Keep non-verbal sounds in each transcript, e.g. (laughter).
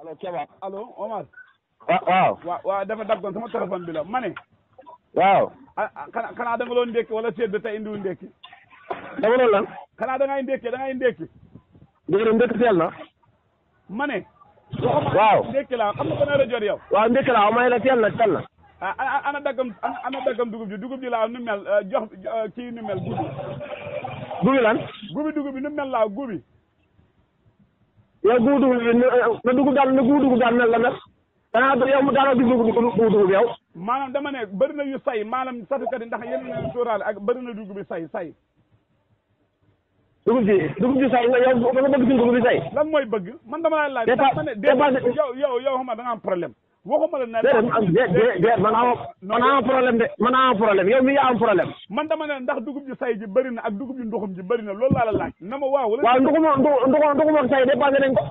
allo Keba allo Omar. wa waaw. waaw waaw dafa daggoon sama téléphone bi la ma ne. waaw. ah ah kana kanaa da nga doon wala seet bi tey indiwul ndékki. dama doon lan. kanaa da ngay ndékki da ngay ndékki. déedéet ndékki na. ma ne. waaw ndékki laa xam nga ban heure jot yow. waaw ndékki laa may la teel na teel na. ah ana ana daggam ana daggam dugub ji dugub nu mel euh, jox euh, kii nu mel gubi. gubi lan. gubi dugub nu mel laa gubi. yow guub dugub bi eh, na dugub daal na guub dugub daal mel la mel danaa yow mu daanoo gis dugub guub dugub yow. maanaam dama ne bëri na yu say maanaam satukat yi ndax yéen a ngi sóoraale ak bëri na dugu bi say say. dugub ji dugub ji say yow nga bëgg si dugub bi say. lan mooy bëgg man dama laay laaj. dépassé dépassé yow yow yow xam nga da nga am problème. waxuma la ne déedéet man am man am problème de man am problème yow mi yaa am problème man dama ne ndax dugub ji say ji bëri na ak dugub ji nduxum ji bëri na loolu laa la laaj na ma waaw wala waaw nduxum nduxum nduxum ak say dépassé nañ ko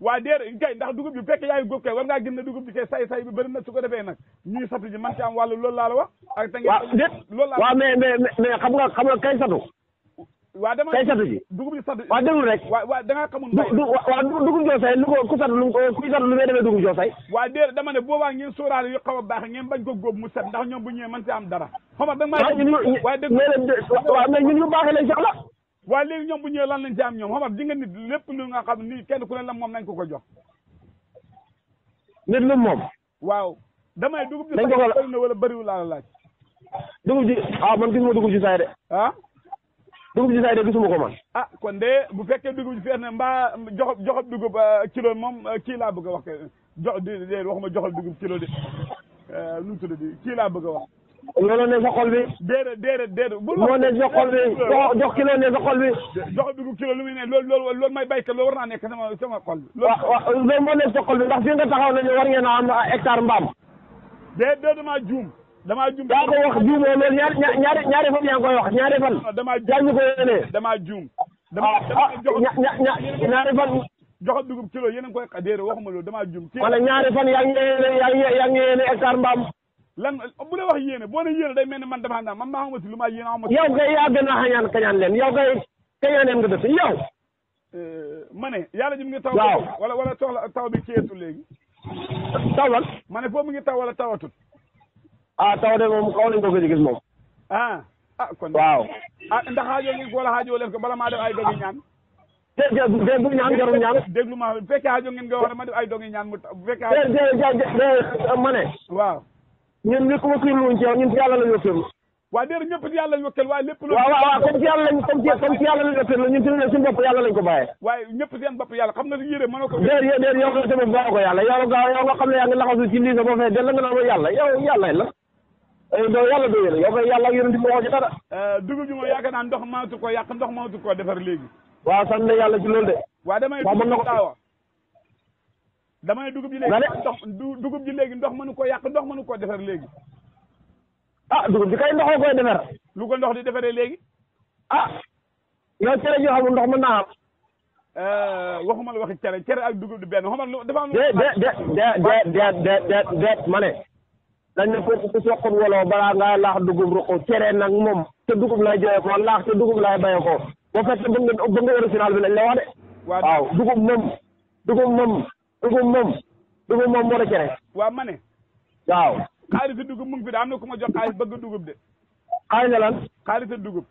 waa déedéet kay ndax dugub ji fekk yaa ngi góob kay war ngaa gën ne dugub ji kay say say bi bëri na su ko defee nag ñuy satu ji man ci am wàllu loolu laa la wax ak ta ngeen loolu laa waaw mais mais mais xam nga xam nga kay satu waa dama tey dugub ji satu waaw déglu rek waaw da ngaa xamul waaw dugub joosay lu ko ku satu lu kuy satu lu muy demee dugub joosay waaw déer dama ne boobaa ngeen sóoraale yu xaw ngeen bañ ko góob mu set ndax ñoom bu ñëwee man si am dara xam nga da nga maa waaye dégg waaw mais ñun yu baax lañ soxla waaye léegi ñoom bu ñëwee lan lañ si am ñoom xam nga di nga nit lépp lu kenn ku ne la moom nañ ko ko jox nit lu moom waaw damay dugub ji bëri na wala bëriwul laa laaj dugub ji ah man gis ma dugub ji saay de ah dugub ji saa de gisuma ko man. ah kon de bu fekkee dugub ji fees na mbaa joxob joxob dugub euh, kilo moom euh, kii laa bëgg a wax euh, jox déedéet waxuma joxob dugub kilo de (laughs) nu mu tudd di kii laa bëgg a wax. looloo ne sa xol bi. déedéet déedéet déedéet. bu loo ne sa xol bi jox kilo ne sa bi. joxob dugub kilo lu muy ne loolu loolu loolu may béykat loolu war naa nekk sama sama xol. loolu waaw loolu moo nekk sa xol bi ndax fi nga taxaw nañu war ngeen a am hectare mbaam. déedéet maa juum. damaa juum yaa ko wax juumoo loolu ñaari ñaari ñaari fan yaa ngi koy wax ñaari fan. damaa juum ko yéene. damaa juum. damaa ah, ah, ñaari fan. jox dugub kilo yéen a ngi koy xadeere waxuma loolu damaa juum. wala ñaari fan yaa ngi yéene yaa ngi yéene hectare mbaam. lan bu la wax yéene boo ne yéene day mel ni man damaa naan man maa xamuma si lu ma yéene xamuma. yow kay yaa gën a xañaan kañaan leen yow kay kañaan leen nga def yow. Euh, ma ne yàlla ji mu ngi taw. waaw wala wala taw bi ceetu léegi. tawal ma ne foofu mu ngi taw wala tawatul ah taw de moom xaw nañu ko gëj gis moom. ah ah kon. waaw ah ndax xaajoo ngi góor a xaajoo leen ko bala maa def ay dogi ñaan. déedéet déedéet bu ñaan jarul ñaan. déglu ma bu fekkee xaajoo ngeen nga wax dama def ay dogi ñaan mu bu fekkee. déedéet ma ne. waaw. ñun li ku ma firlu wuñ ci yow ñun ci yàlla la ñu firlu. waaw déedéet ñëpp ci yàlla lañu wëkkal waaye lépp. waaw waaw comme ci yàlla lañ comme ci comme ci yàlla lañu wëkkal ñun suñu suñu bopp yàlla lañ ko bàyyee. waaye ñëpp seen bopp yàlla xam nga si yére mënoo ko. déedéet déedéet yow nga sa bopp bàyyi ko yàlla yow nga yow nga xam ne yaa ngi laxasu ci lii sa boo fee del la nga naan yàlla yow yàlla la doo eh, yàlla doo yéen yow kay yàlla ak yonent bi waxoo ci dara. Eh, dugub ji moom yaakaar naa ndox mënatu ko yàq ndox mënatu ko defar léegi. waaw sant yàlla ci loolu de. waaw damay dugub ji daawa damay dugub ji léegi ndox dugub ji léegi ndox mënu ko yàq ndox mënu ko defar léegi. ah dugub ji kay ndoxoo koy defar. lu ko ndox di defaree léegi. ah yow cere ji xamul ndox mën naa am. Eh, waxuma la waxi cere cere ak dugub di benn xamal lu dafa am. déet déet déet déet déet déet ma ne. dañ ne ko ku soqut woloo balaa ngaa laax dugub ruq cere nag moom te dugub lay joye ko laax te dugub lay baye ko boo fekkee bëgg nga bëgg nga original bi lañ la wax de. waaw dugub moom dugub moom dugub moom dugub moom moo la cere. waaw ma ne. waaw. xaalisu dugub mu ngi am na ku ma jox xaalis bëgg dugub de. xaalis lan. xaalisu dugub.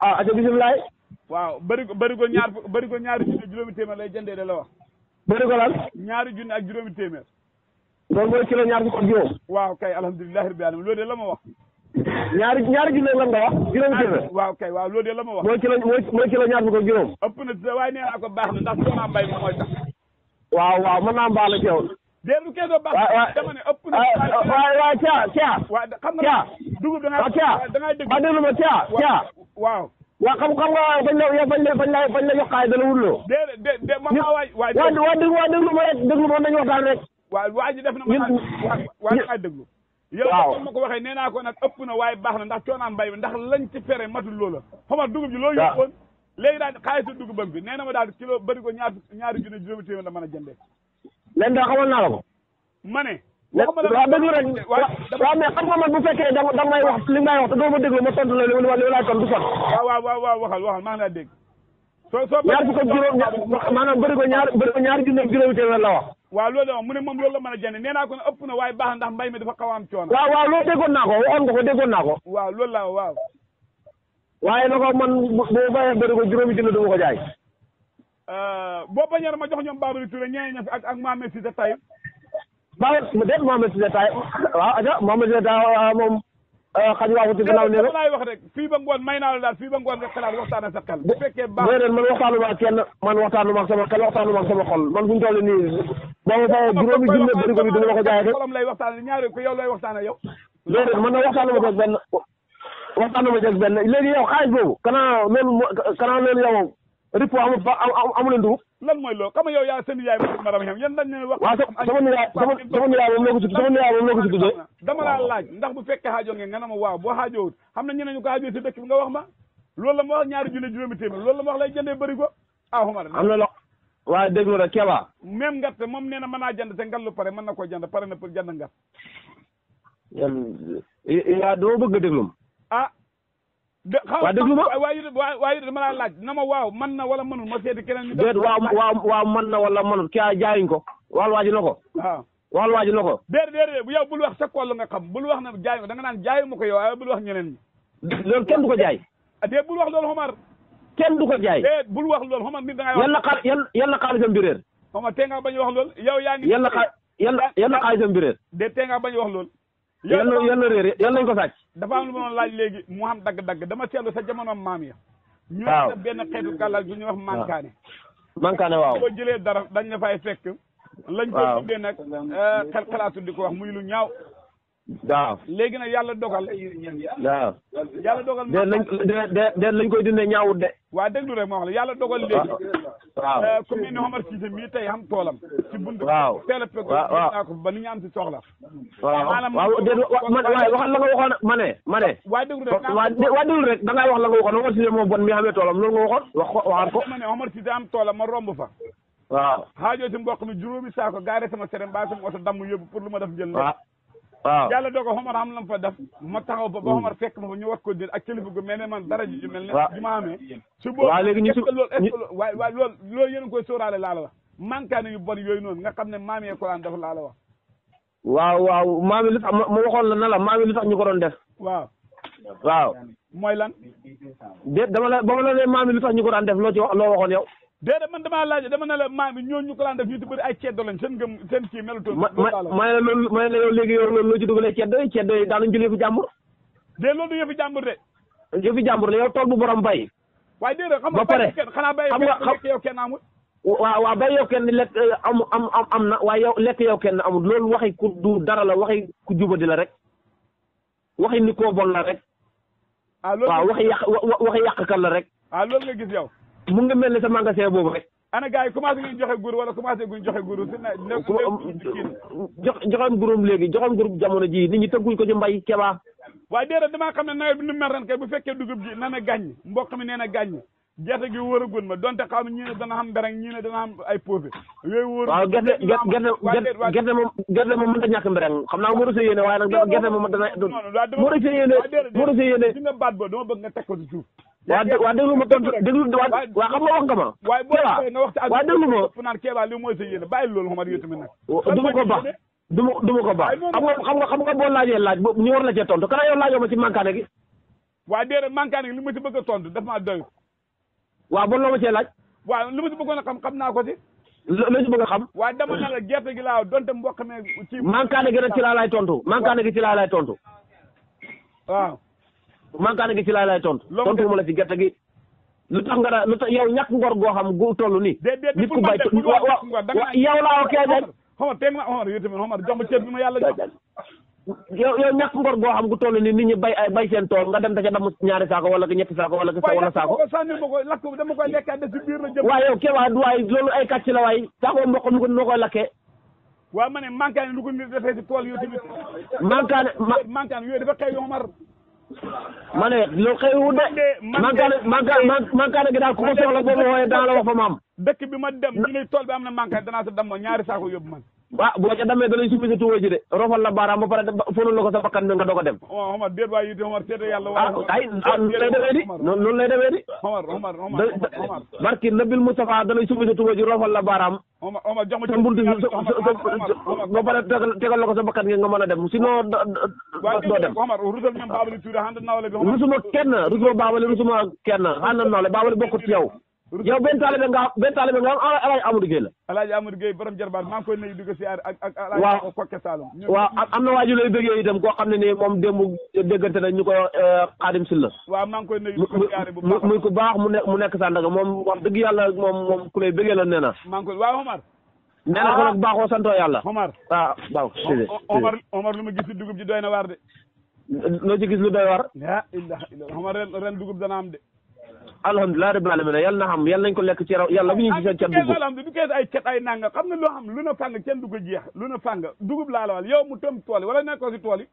ah ati bisimilaay. waaw bëri ko bëri ko ñaar bëri ko ñaari junni juróomi téeméer lay jëndee de la wax. bëri lan. ñaari junni ak juróomi téeméer. loolu mooy kilo ñaar fukk ak juróom. waaw kay alhamdulilah rabbil alamin loolu de la ma wax. ñaari ñaari junne lan nga wax. juróomi junne ah, waaw kay waaw loolu de la ma wax. mooy kilo mooy kilo ñaar fukk ak juróom. ëpp na dina waaye nee naa ko baax na ndax soo naa mbay moom mooy tax. waaw waaw mën naa mbaale ci yow. déedéet kee doo baax dama ne ëpp na. Ah, ah, waaw waaw caa caa. waaw xam nga dugub da ngaa da ngaa dégg. waaw déglu ma caa caa. waaw. waa xam xam nga waaye bañ la bañ la bañ la bañ la jox xaay dala wuloo. déedéet déedéet man maa waay waay. waa déglu ma rek déglu ma nañu waxtaan rek waaye waa ji def na ma waa dangaa déglu yow comme ma ko waxee nee naa ko nag ëpp na waaye baax na ndax coonaan bay bi ndax lañ ci fere matul loola xama dugub ji loolu yëppoon léegi daal xaalisu dugub bi nee na ma daal kilo bëri ko ñaar ñaari junni juróomi téeméer la mën a jëndee leen da xamal naa la ko ma ne waaw déglu rek waaw mais xam bu fekkee da nga may wax li may wax te doo ma déglu ma tontu la li ma laaj kon du sot waaw waaw waaw waaw waxal waxal maa ngi laa dégg soo soo ñaar fukk ak juróom maanaam bëri ko ñaar bëri ko ñaari junni juróomi téeméer la wax waaw loolu moom mu ne moom a jënd nee naa ko ne ëpp na waaye baax ndax mbay mi dafa xaw a am coono. waaw waaw loolu déggoon ko waxoon nga ko déggoon naa ko. loolu laa waaw. waaye na ko man bu bu bàyyee bëri ko juróomi junni du ma ko jaay. Euh, boo bañee ma jox ñoom Babary Touré ñeneen ña fi ak ak Mohamed Cissé Taye. Babal déet Mohamed Cissé Taye waaw aja Mohamed Cissé Taye euh, moom. Euh, xaj waaxu ci gannaaw ne la laay wax rek fii ba ngoon may naa la daal fii ba ngoon nga xalaat waxtaan sa xel bu fekkee baax déedéet man waxtaanu ma kenn man waxtaanu ma boo ma boo juróomi junne bëri ko bi du ma ko jaayee rek. lay waxtaan ñaari ko yow lay waxtaan yow. déedéet man nag waxtaan ma ko benn léegi yow xaalis boobu. kanaa loolu kanaa loolu yow ripo amul fa dugub. lan mooy loolu xam la ko si sama nijaay moom la ko si tuddee. dama laa laaj ndax bu fekkee xaajoo ngeen nga ne ma waaw boo xaajoowut xam na ñeneen ñu ko xaajoo si dëkk bi nga wax ma loolu la ma wax ñaari junne juróomi téeméer loolu la ma wax lay jëndee bëri ah xuma am na lo waaye déglu rek Keba. même ngarte moom nee na mën naa jënd te ngallu pare mën na koo jënd pare na pour jënd ngat. yaa doo bëgg a déglu. ah. de xaw ma déglu ma waaye waaye dama laa laaj na ma waaw man na wala man ma seeti keneen. déet waaw waaw waaw mën na wala mënul kii ah, jaayuñ ko. wàllu waaj na ko. waaw ah. wàllu waaj na ko. déet déet yow bul wax sa kool nga xam bul wax na jaay ma danga naan jaayu ma ko yow waaye bul wax ñeneen ñi. loolu kenn du ko jaay. Ah, déet bul wax kenn du ko jaay. Eh, bul wax loolu xam nga nit da ngay wax. yàlla xaar yàlla xaalisam bi réer. xam nga tey nga bañ wax loolu. yow yaa ngi yàlla xaar yàlla yàlla xaalisam bi réer. de tey nga bañ wax lool loolu. yàlla yàlla réer yàlla nañ ko sàcc. dafa am lu ma laaj léegi mu xam dagg-dagg dama seetlu sa jamono maam ya. ñu ne benn xeetu gàllal bu ñuy wax mankaane. mankaane waaw boo jëlee dara dañ la fay fekk. lañ ko tuddee nag eh, xel xalaatu di ko wax muy lu ñaaw waaw léegi nag yàlla dogal. waaw. Ah. yàlla dogal de lañ de de lañ koy dindee ñaawut de. waa déglu rek ma wax la yàlla dogal léegi. waaw ku euh, mel ni Omar Cissé mii tey am toolam. ci bunt a pegg naa ba ni ñu am si soxla. waaw waaw déedéet man waaye waxal la nga waxoon ma ne ma ne. waa déglu rek waa da ngaa wax la nga waxoon Omar Cissé moom bon mi amee toolam loolu nga waxoon wax ko waxaat ko. ma ne Omar Cissé ma romb fa. waaw. xaajoo si mboq mi juróomi saako gaare sama serem baa sama oto damm yóbbu pour lu ma def jël. waaw yàlla doo ko xomar xam lam fa def ma taxaw ba ba mm. xomar fekk ma fa ñu war ko dil ak kilifa gu mel ne man dara ji ju mel ne ju ma amee su boobu waaw léegi ñu loolu loolu loolu koy sóoraale laa la wax mankaane yu bon yooyu noonu nga xam ne maam yee Quran dafa laa la wax waaw waaw maam yi lu tax ma waxoon la na la maam yi lu tax ñu ko doon def waaw waaw mooy lan déet dama la ba ma la ne maam yi lu tax ñu ko daan def loo ci loo waxoon yow déedéet man damaa laaj dama ne la maam yi ñooñu ñu ko daan def ñu ci bëri ay ceddo lañ seen ngëm seen kii melutoon. ma ma ma ne la loolu ma ne la yow léegi yow loolu loo ci dugalee ceddo yi ceddo yi daanuñu jëlee fi jàmbur. de loolu du yëfi jàmbur de. yëfi jàmbur la yow tool bu borom bay. waaye déedéet xam nga bay kenn xanaa bay yow kenn amul. waaw waaw bay yow kenn lekk euh, am am am na waaye yow lekk yow kenn amul loolu waxi ku du dara la waxi ku jubadi la rek waxi ni koo bon la rek. ah loolu waaw waxi yàq waxi yàqkan la rek. ah loolu nga gis yow mu ngi mel ni sa magasin boobu rek. ana gars yi commencé ngeen joxe guru wala commencé guñ joxe guru si nawet. Um, jox joxoon gurum léegi joxoon gurum jamono ji ni ñi tënkuñ ko ci mbay ke kebaa. waaye déedéet damaa xam ne nawet bi nu mel ren kay bu fekkee dugub ji na na gàññ mboq mi nee na gàññ gerte gi wóoragun ma donte xaw ma ñii ne dana xam mbereng ñii ne dana xam ay posé yooyu wóor waaw gerte gerte gerte moom gerte moom mën ta ñàkk mbereng xam naa moo rësee yéene waaye nag gerte moom dana moo rësee nga teg ko ci suuf waa dé waa déglu ma tontu déglu waa waa xam nga wax nga ma. waaye boo xoolee na wax ci àdduna bi waaw fu mooy sa yéene bàyyi loolu Omar yow tamit nag. du ma ko baax du ma du ma ko baax. xam nga xam nga xam nga boo laajee laaj boobu ñu war la cee tontu kana yow laajoo ma ci mankaane gi. waaye gi li ma ci bëgg a tontu daf maa doyul. waaw bon loo ce cee laaj. lu ma ci bëggoon a xam xam naa ko ci. loo ci bëgg a xam. waaye dama ne gerte gi laa donte mboq ne. ci mankaane gi nag ci laa laay tontu mankaane gi ci laa laay tontu waaw mankaane gi ci laay lay tontu. tontu ma gi. lu lu tax yow ñàkk ngor goo xam gu toll nii. nit ku bay wa yow laa ok de. Omar teg na Omar yow tamit Omar jox ma ceeb bi ma yàlla ngor goo xam gu toll nii nit ñi bay ay bay seen tool nga dem da ca damm ñaari saako wala ñetti saako wala wala saako. waaw yow ke waay waay loolu ay kàcc la waay saako mboq mi ko noo koy lakkee. waaw ma ne mankaane lu ko nit defee ci tool yow tamit. mankaane mankaane yooyu dafa xëy Omar ma ne loolu xëy wu de. mankaane mankaane mankaane gi daal ku ko soxla boo ma wooyee la wax fa maam. dëkk bi ma dem ñu ne tool bi am na mankaane danaa sa dem ma ñaari saako yóbbu man. ah boo ca demee da lay summi sa tuba ji de rofal la baaraam ba pare fonul la ko sa bakkan nga doog a dem oh, ah ay ah, noonu lay demee di noonu lay demee di Omar Omar Omar barki nabil Moustapha da lay summi sa tuba ji la baaraam Omar Omar jox ma sa mbuntu ba pare tegal la ko sa bakkan nga mën a dem sinon doo dem Omar rusal ñoom baabali tuuti hande nawle bi rusuma kenn rusuma baabali rusuma kenn hande nawle baabali bokkut ci yow benn taalibe nga benn taalibe nga am alaaji Amadou Gueye la alaaji Amadou Gueye borom jarbaat maa waaw am na waaju lay bëggee itam koo xam ne ni moom démb déggante na ñu ko Xaadim euh, Sylla waaw maa muy ku baax mu nekk mu nekk Sandaga moom wax yàlla moom moom ku lay bëggee la nee na maa ngi koy waaw Omar nee na ko nag ah. baaxoo santoo yàlla Omar waaw ah, waaw Omar Omar lu ma gis si dugub ji doy na waar de loo ci gis lu doy waar alhamdulilah rabbil alamin yal na xam yal nañ ko lekk ci raw yàlla bu ñu ci seen dugub alhamdulilah na ko dugub laa wal yow mu tëm tool yi wala nekkoo si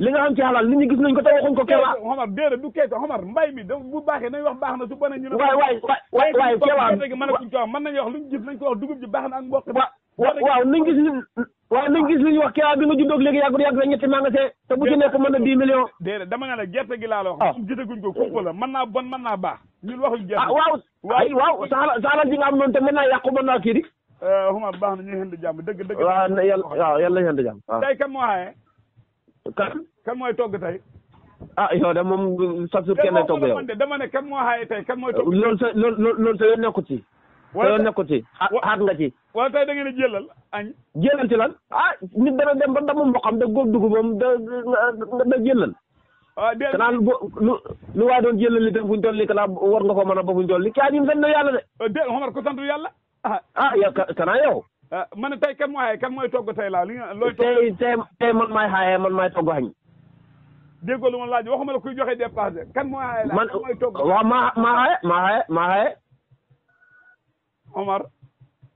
li nga xam ci xalaal nit ñi gis nañ ko te waxuñ ko Kéba Omar déedéet du kees Omar mbay mi da bu baaxee nañ wax baax na su bonee ñu ne waay waay waay waay a kuñ lu ñu gis ko wax dugub ji baax na ak mboq waaw nañ gis li waaw nañ gis li ñu wax kii bi nga juddoo léegi yàggul yàgg na ñetti magasin te bu ci nekk mën na dix millions. déedéet dama nga ne gerte gi laa la wax. ah gisaguñ ko kumpa la mën naa bon mën naa baax. ñun waxuñ gerte ah waaw. waaw waaw saala saala ji nga am noonu te mën naa yàqu mën naa kii di. xuma eh, baax na ñu ngi leen jàmm dëgg dëgg. waaw na yàlla waaw yàlla nañu leen di jàmm. waaw tey kan moo aaye. kan kan mooy togg tey. ah yow de moom sax su kenn togg yow. dama ne kan moo aaye tey kan mooy togg loolu sa loolu sa yoon nekkut ci wala te nekku ci xaat nga ci. wala tey da ngeen a jëlal añ. jëlal ci lan ah nit dana dem ba damm mboqam da góob dugubam da da jëlal. waaw ah, déedéet kanaan lu lu waay doon jëlal li tam fu ñu toll nii kanaan war nga ko mën a ba fu ñu toll nii caa ñun sañ na yàlla de. Ah, déedéet Omar ko sant yàlla. ah ah, ah ma ne kan moo xaye kan mooy togg tey laa li nga looy. tey tey tey man maay togg añ. déggoo lu ma laaj waxuma la kuy joxe dépassé kan moo xaye man waaw maa maa xaye maa xaye maa xaye Omar.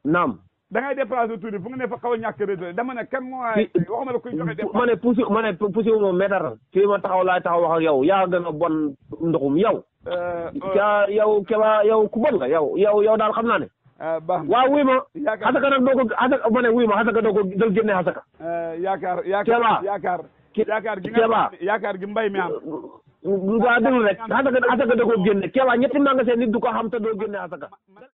naam. da ngay déplacé tuuti fu nga ne fa xaw a ñàkk da dama ne kan moo waay waxuma la kuy joxe ma ne pousse ma ne pousse wu ma métar fii ma taxaw laay taxaw wax ak yaa gën a bon ndoxum yow yaa euh, euh. yow keba ku bon nga yaw yow yow daal xam naa ne euh, waaw wuy ma xasaka nag doo ko xasaka ma ne wuy ma xasaka doo ko dal génne xasaka yaakaar yaakaar yaakaar yaakaar gi yaakaar gi mbay mi am waaw déglu rek xasaka xasaka doo ko génne keba ñetti magasin nit du ko xam te doo génne xasaka